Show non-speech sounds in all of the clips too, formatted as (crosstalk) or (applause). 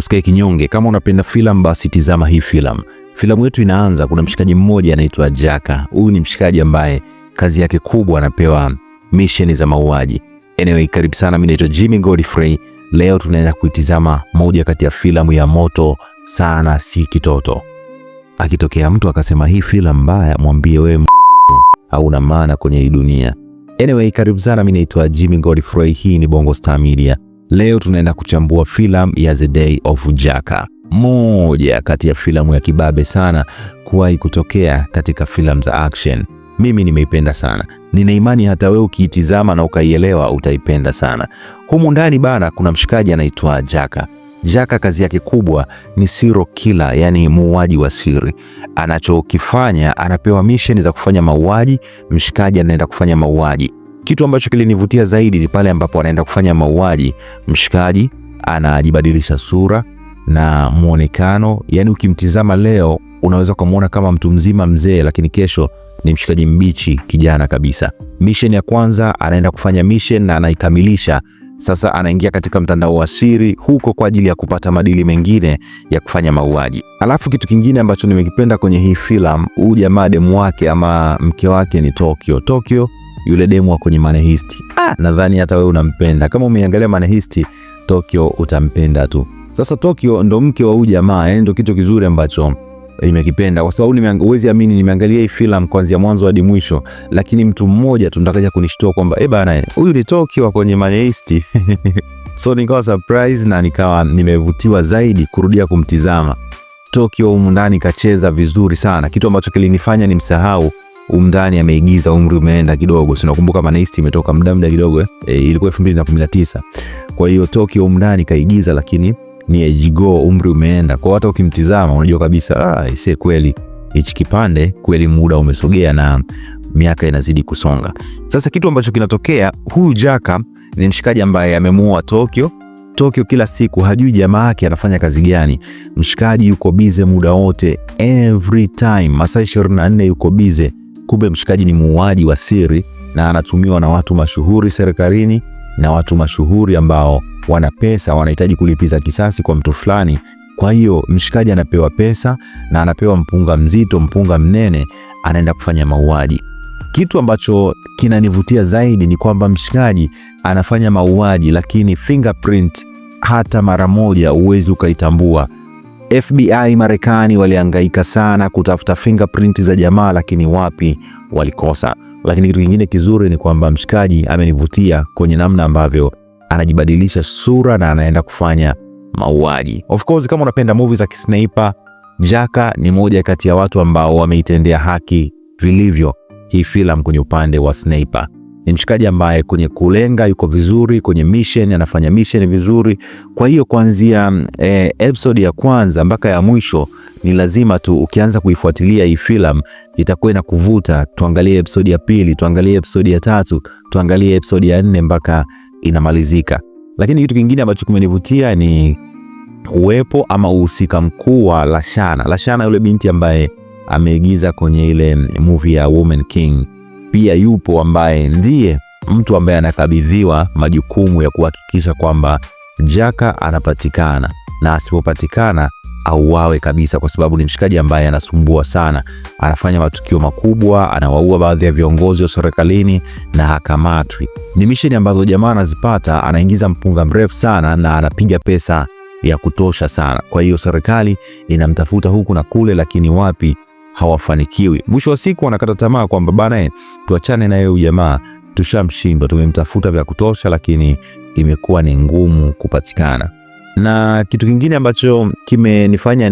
usikae kinyonge. Kama unapenda filamu, basi tizama hii filamu. Filamu yetu inaanza, kuna mshikaji mmoja anaitwa Jaka. Huyu ni mshikaji ambaye kazi yake kubwa anapewa misheni za mauaji. Anyway, karibu sana, mimi naitwa Jimmy Godfrey. Leo tunaenda kuitizama moja kati ya filamu ya moto sana, si kitoto. Akitokea mtu akasema hii filamu mbaya, mwambie wewe hauna maana kwenye hii dunia. Anyway, karibu sana, mimi naitwa Jimmy Godfrey. Hii ni Bongo Star Media. Leo tunaenda kuchambua filamu ya The Day of Jaka, moja kati ya filamu ya kibabe sana kuwahi kutokea katika filamu za action. Mimi nimeipenda sana, nina imani hata wewe ukiitizama na ukaielewa utaipenda sana. Humu ndani bana, kuna mshikaji anaitwa jaka jaka kazi yake kubwa ni siro killer, yani muuaji wa siri. Anachokifanya, anapewa misheni za kufanya mauaji. Mshikaji anaenda kufanya mauaji kitu ambacho kilinivutia zaidi ni pale ambapo anaenda kufanya mauaji, mshikaji anajibadilisha sura na mwonekano. Yani ukimtizama leo unaweza ukamwona kama mtu mzima mzee, lakini kesho ni mshikaji mbichi, kijana kabisa. Mission ya kwanza anaenda kufanya mission na anaikamilisha. Sasa anaingia katika mtandao wa siri huko kwa ajili ya kupata madili mengine ya kufanya mauaji. Alafu kitu kingine ambacho nimekipenda kwenye hii filamu, huu jamaa demu wake ama mke wake ni Tokyo. Tokyo yule demu wa kwenye Manehisti. Ah, nadhani hata wewe unampenda kama umeangalia Manehisti Tokyo, utampenda tu. Sasa Tokyo ndo mke wa huyu jamaa, yani eh, ndo kitu kizuri ambacho eh, nimekipenda kwa sababu huwezi amini, nimeangalia hii filamu kuanzia mwanzo hadi mwisho, lakini mtu mmoja tu ndakaja kunishtua kwamba eh bana, huyu ni Tokyo wa kwenye Manehisti (laughs) so nikawa surprise na nikawa nimevutiwa zaidi kurudia kumtizama Tokyo. Humu ndani kacheza vizuri sana, kitu ambacho kilinifanya nimsahau umdhani ameigiza, umri umeenda kidogo, si nakumbuka maana Manaisti imetoka muda muda kidogo eh, eh ilikuwa 2019 kwa hiyo Tokyo umdhani kaigiza, lakini ni age go, umri umeenda. Kwa hata ukimtizama unajua kabisa ah, ise kweli hichi kipande kweli muda umesogea na miaka inazidi kusonga. Sasa kitu ambacho kinatokea, huyu Jaka ni mshikaji ambaye amemuoa Tokyo. Tokyo kila siku hajui jamaa yake anafanya kazi gani. Mshikaji yuko bize muda wote, every time, masaa 24 yuko bize Kumbe mshikaji ni muuaji wa siri na anatumiwa na watu mashuhuri serikalini na watu mashuhuri ambao wana pesa, wanahitaji kulipiza kisasi kwa mtu fulani. Kwa hiyo mshikaji anapewa pesa na anapewa mpunga mzito, mpunga mnene, anaenda kufanya mauaji. Kitu ambacho kinanivutia zaidi ni kwamba mshikaji anafanya mauaji, lakini fingerprint hata mara moja huwezi ukaitambua. FBI Marekani walihangaika sana kutafuta fingerprint za jamaa, lakini wapi, walikosa. Lakini kitu kingine kizuri ni kwamba mshikaji amenivutia kwenye namna ambavyo anajibadilisha sura na anaenda kufanya mauaji. Of course, kama unapenda movie za kisniper, Jaka ni moja kati ya watu ambao wameitendea haki vilivyo hii filamu kwenye upande wa sniper ni mshikaji ambaye kwenye kulenga yuko vizuri, kwenye mission anafanya mission vizuri. Kwa hiyo kuanzia e, episode ya kwanza mpaka ya mwisho ni lazima tu ukianza kuifuatilia hii film itakuwa na kuvuta. Tuangalie episode ya pili, tuangalie episode ya tatu, tuangalie episode ya nne mpaka inamalizika. Lakini kitu kingine ambacho kimenivutia ni uwepo ama uhusika mkuu wa Lashana. Lashana yule binti ambaye ameigiza kwenye ile movie ya Woman King pia yupo ambaye ndiye mtu ambaye anakabidhiwa majukumu ya kuhakikisha kwamba Jaka anapatikana na asipopatikana auawe kabisa, kwa sababu ni mshikaji ambaye anasumbua sana, anafanya matukio makubwa, anawaua baadhi ya viongozi wa serikalini na hakamatwi. Ni misheni ambazo jamaa anazipata, anaingiza mpunga mrefu sana na anapiga pesa ya kutosha sana. Kwa hiyo serikali inamtafuta huku na kule, lakini wapi hawafanikiwi. Mwisho wa siku wanakata tamaa kwamba bana, eh, tuachane naye yeye jamaa, tushamshindwa, tumemtafuta vya kutosha, lakini imekuwa ni ngumu kupatikana. Na kitu kingine ambacho kimenifanya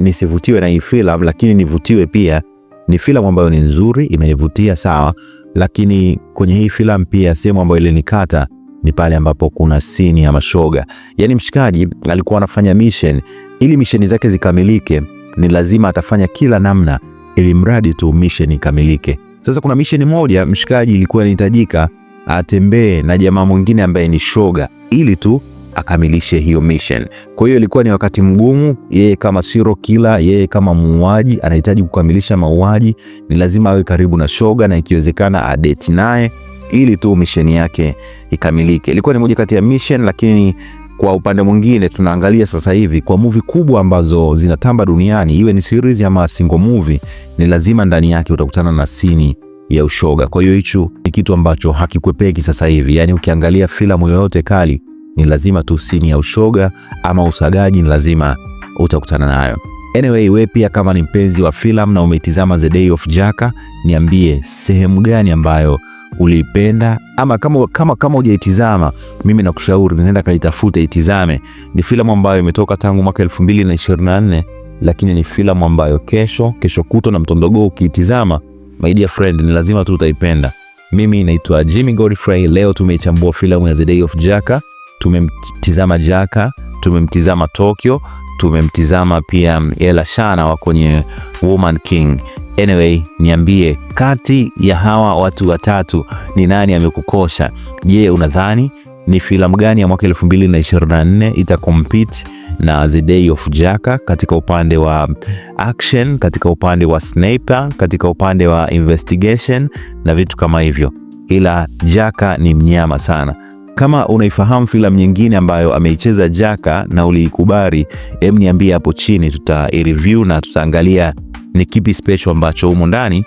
nisivutiwe na hii filamu lakini nivutiwe pia ni filamu ambayo ni nzuri, imenivutia sawa, lakini kwenye hii filamu pia sehemu ambayo ilinikata ni pale ambapo kuna sini ya mashoga, yaani mshikaji alikuwa anafanya mission ili misheni zake zikamilike ni lazima atafanya kila namna ili mradi tu misheni ikamilike. Sasa kuna misheni moja mshikaji, ilikuwa inahitajika atembee na jamaa mwingine ambaye ni shoga ili tu akamilishe hiyo mission. Kwa hiyo ilikuwa ni wakati mgumu. Yeye kama siro kila yeye kama muuaji anahitaji kukamilisha mauaji, ni lazima awe karibu na shoga na ikiwezekana adeti naye ili tu mission yake ikamilike. Ilikuwa ni moja kati ya mission, lakini kwa upande mwingine tunaangalia sasa hivi kwa movie kubwa ambazo zinatamba duniani, iwe ni series ama single movie, ni lazima ndani yake utakutana na sini ya ushoga. Kwa hiyo hicho ni kitu ambacho hakikwepeki sasa hivi, yaani ukiangalia filamu yoyote kali ni lazima tu sini ya ushoga ama usagaji, ni lazima utakutana nayo. Anyway, we pia kama ni mpenzi wa filamu na umetizama The Day of Jaka, niambie sehemu gani ambayo uliipenda ama kama kama kama hujaitizama, mimi nakushauri nenda kaitafute, itizame. Ni filamu ambayo imetoka tangu mwaka 2024 lakini ni filamu ambayo kesho kesho kuto na mtondogo ukiitizama, my dear friend, ni lazima tu utaipenda. Mimi naitwa Jimmy Godfrey. Leo tumeichambua filamu ya The Day of Jaka. Tumemtizama Jaka, tumemtizama Tokyo, tumemtizama pia Ella Shana wa kwenye Woman King. Anyway, niambie kati ya hawa watu watatu ni nani amekukosha? Je, unadhani ni filamu gani ya mwaka 2024 compete na The Day of Jaka katika upande wa action, katika upande wa sniper, katika upande wa investigation na vitu kama hivyo? Ila Jaka ni mnyama sana. Kama unaifahamu filamu nyingine ambayo ameicheza Jaka na uliikubali, hem, niambie hapo chini, tutai review na tutaangalia ni kipi special ambacho humo ndani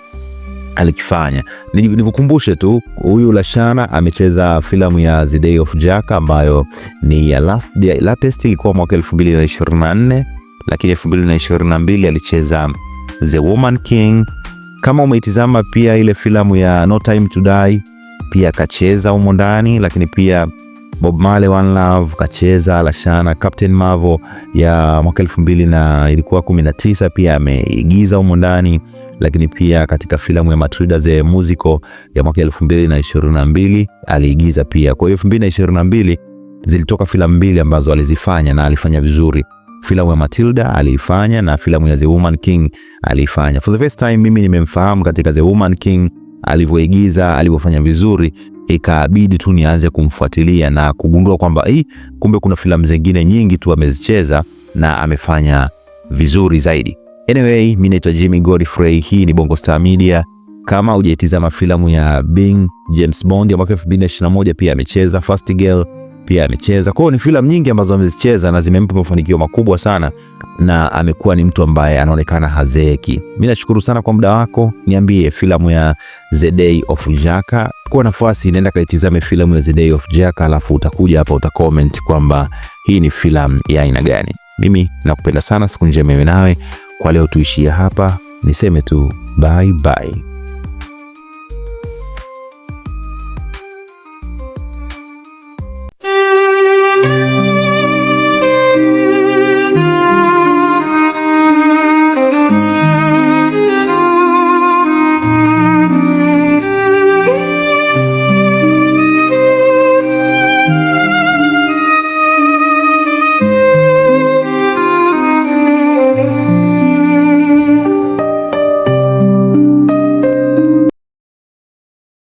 alikifanya. Nikukumbushe tu huyu Lashana amecheza filamu ya The Day of Jack ambayo ni ya last, ya latest ilikuwa mwaka 2024 lakini 2022 alicheza The Woman King. Kama umeitizama pia ile filamu ya No Time to Die pia akacheza humo ndani, lakini pia Bob Marley One Love kacheza, Lashana Captain Marvel ya mwaka elfu mbili na ilikuwa kumi na tisa pia ameigiza humo ndani, lakini pia katika filamu ya Matilda the Musical ya mwaka elfu mbili na ishirini na mbili aliigiza pia. Kwa hiyo elfu mbili na ishirini na mbili zilitoka filamu mbili ambazo alizifanya na alifanya vizuri. Filamu ya Matilda aliifanya na filamu ya The Woman King aliifanya. For the first time mimi nimemfahamu katika The Woman King alivyoigiza, alivyofanya vizuri, ikabidi tu nianze kumfuatilia na kugundua kwamba hii kumbe kuna filamu zingine nyingi tu amezicheza na amefanya vizuri zaidi. Anyway, mimi naitwa Jimmy Godfrey, hii ni Bongo Star Media. Kama hujaitizama filamu ya Bing James Bond ya mwaka 2021 pia amecheza Fast Girl pia amecheza. Kwa hiyo ni filamu nyingi ambazo amezicheza na zimempa mafanikio makubwa sana, na amekuwa ni mtu ambaye anaonekana hazeeki. Mimi nashukuru sana kwa muda wako. Niambie filamu ya The Day of Jaka, kwa nafasi nenda kaitizame filamu ya The Day of Jaka, alafu utakuja hapa uta comment kwamba hii ni filamu ya aina gani. Mimi nakupenda sana, siku njema mimi nawe. Kwa leo tuishie hapa, niseme tu bye bye.